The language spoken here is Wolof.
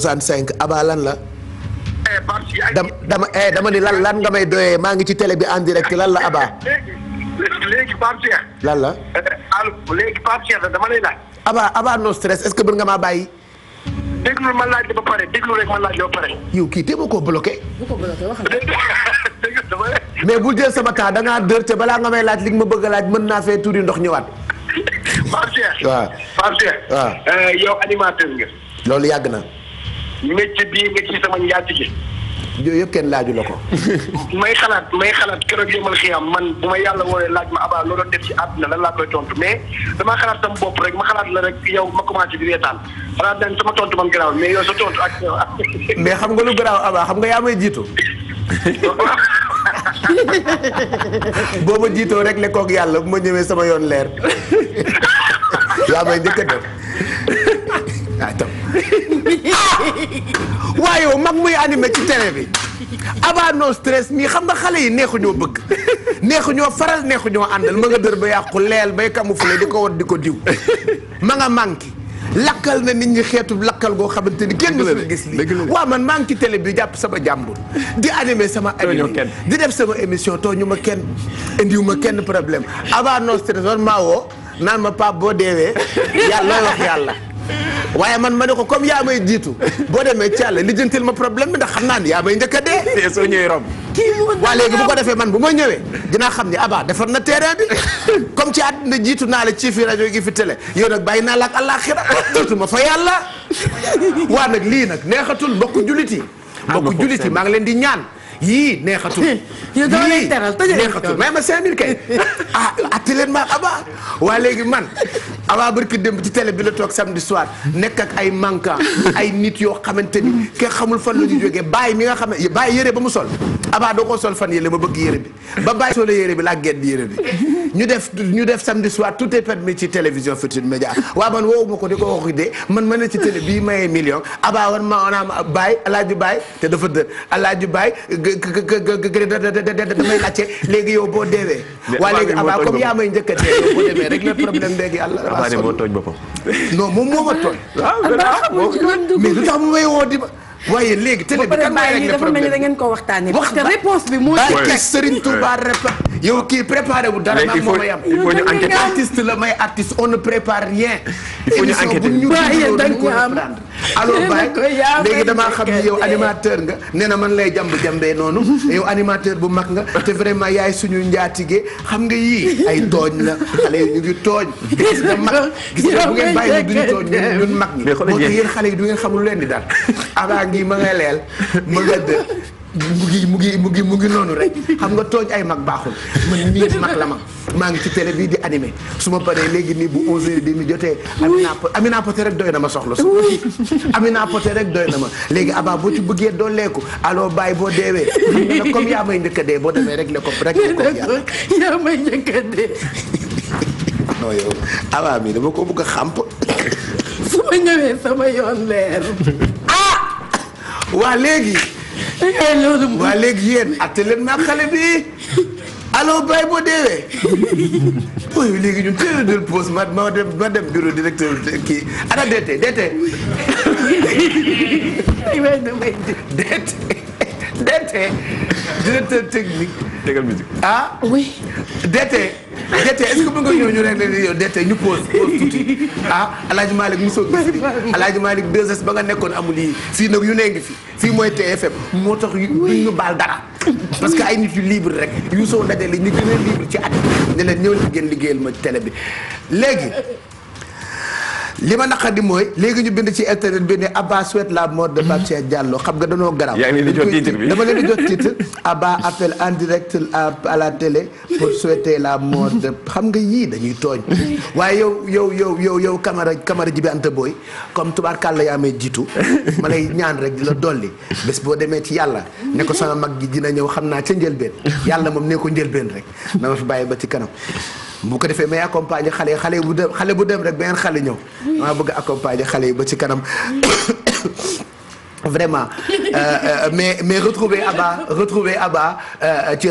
65 Abba lan la. dama eh, dama eh, dama ni lan lan nga may doyee maa ngi ci télé bi en direct lan la aba léegi Pape la. Eh, allo léegi dama lay laaj. Abba Abba no stress est-ce que bëgg nga maa bàyyi. déglu ma laaj ba pare déglu rek bu ko jël sama temps da ngaa dër balaa nga may laaj li nga ma bëgg laaj mën naa fee tuuri ndox ñëwaat. Pape animateur nga. loolu yàgg na. métier bii nga ci sama njaatige. yooyu yëpp kenn laaju la ko. may xalaat may xalaat keroog yëmal xiyam man bu ma yàlla woowee laaj ma abaa loo doon def ci àdduna lan laa koy tontu mais damaa xalaat sama rek ma xalaat la rek yow ma commencé di reetaan xalaat nañ tontu man garaaw mais yow sa tontu ak. mais xam nga lu garaaw abaa xam nga yaa may jiitu. boo ma jiitoo rek lekkoog yàlla bu ma ñëwee sama yoon leer yaa may njëkk a def waaye yow mag muy animé ci télé bi Aba no stress mii xam nga xale yi neexu ñoo bëgg neexu ñoo faral neexu ñoo àndal ma nga dër ba yàqu leel bay camouflé di ko wat di ko diw ma nga manqué lakkal na nit ñi xeetu lakkal goo xamante ni kenn musul gis lii waaw man maa ngi ci télé bi jàpp sama jàmbur di animé sama animé di def sama émission too ñu ma kenn indiw ma kenn problème Aba no stress war maa naan ma pap boo deewee yàlla looy wax yàlla waaye man ma ne ko comme yaa may jiitu boo demee Thialé lijjantil ma problème bi ndax xam naa ni yaa may njëkk a dee. soo ñëwee romb. kii waa léegi bu ko defee man bu ma ñëwee dinaa xam ni Aba defar na terrain bi comme ci àddina jiitu naa la ci fi rajo gi fi télé yow nag bàyyi naa la ak àllaaxira jiitu ma fa yàlla. waa nag lii nag neexatul bokk jullit yi. mbokku jullit maa ngi leen di ñaan. yii neexatul. yii neexatul mais ma 5000 kay. ah ati leen ma Aba waa léegi man Aba barki dem ci télé bi la toog samedi soir nekk ak ay manquant ay nit yoo xamante ni ke xamul fan la ñu jógee bàyyi mi nga xam ne bàyyi yére ba mu sol Aba doo ko sol fan yële ma bëgg yére bi ba bàyyi solo yére bi laa gedd yére bi. ñu def ñu def samedi soir tout est permis ci télévision Futurs Médias waaw man woowu ma ko di ko wax idée man ma ne ci télé bii mayee million abaa war ma onaam baay alaaji baay te dafa dër alaaji baay damay laajte léegi yow boo deewee waa léegi abaa comme yaa njëkk a tee yow boo demee rek le problème léegi yàlla abaa moo tooñ boppam non moom ah, mais lu tax mu may woo di ma waaye léegi télé bi kan maa rek dafa mel ni ngeen ko waxtaanee parce que réponse bi moo ci Serigne Touba yow kii préparé wu dara maa moom a yam il faut ñu enquêter la may artiste on ne prépare rien. il faut ñu enquêter émission bu ñu dañ ko am alors Baye léegi damaa xam ne yow animateur nga nee na man lay jàmb jàmbee noonu yow animateur bu mag nga te vraiment yaay suñu njaatige xam nga yii ay tooñ la xale yi ñu ngi tooñ. gis nga mag gis nga bu ngeen bàyyi duñu tooñ ñun mag ñi. moo tax yéen xale yi du ngeen xamul leen di dal abaa ngi mën nga leel ma nga dë mu ngi mu ngi mu ngi mu ngi noonu rek xam nga tooñ ay mag baaxul man nii mag la ma maa ngi ci tele bii di animé su ma paree léegi nii bu 11h30 jotee. Amina Amina Poté rek doy na ma soxla su Amina Poté rek doy na ma léegi Aba boo ci bëggee dooleeku allo Baye boo deewee xam nga nag comme yaa may njëkk dee boo demee rek le ko rek le yaa may njëkk a dee. non yow Aba mi dama ko bëgg a xàmp. su ma ñëwee sama yoon leer. Ah! waa léegi. waa léegi yéen atte leen naa xale bi allo Baye boo deewee ooy léegi ñun teel a jël pause ma ma dem ma dem bureau directeur kii ana deete deete deete deete directeur technique. tegal musique ah Dete est-ce que mën nga ñëw ñu ne leen yow Dete ñu pause pause tuuti ah El Hadj Malick mosoo gis lii El Hadj Malick ba nga nekkoon amul yii fii nag yu ne ngi fi fii mooy TFM moo tax duñ ñu baal dara parce que ay nit yu libre rek yu soo dajale ñu gën a libre ci at ne leen ñëw leen ngeen liggéeyal ma télé bi léegi li ma naqadi mooy léegi ñu bind ci internet bi ne Abba souhaite la mort de Pape mhm. Cheikh xam nga danoo garaaw. yaa ngi leen di jot titre bi dama leen di jot titre Abba appelle en direct à la télé pour souhaiter la mort xam nga yii dañuy tooñ. waaye yow yow yow yow yow Camara Camara Jibi Anta booy comme kàll yaa may jiitu ma lay ñaan rek la dolli bés boo demee ci yàlla ne ko sama mag ji dina ñëw xam naa ca njëlbeen yàlla moom ne ko njëlbeen rek na ma fi bàyyi ba ci kanam. boo ko defee mais accompagner xale yi xale bu dem xale bu dem rek beneen xale ñëw maa bëgg accompagner xale yi ba ci kanam vraiment euh, euh, mais mais retrouver Abba retrouver Abba ci euh,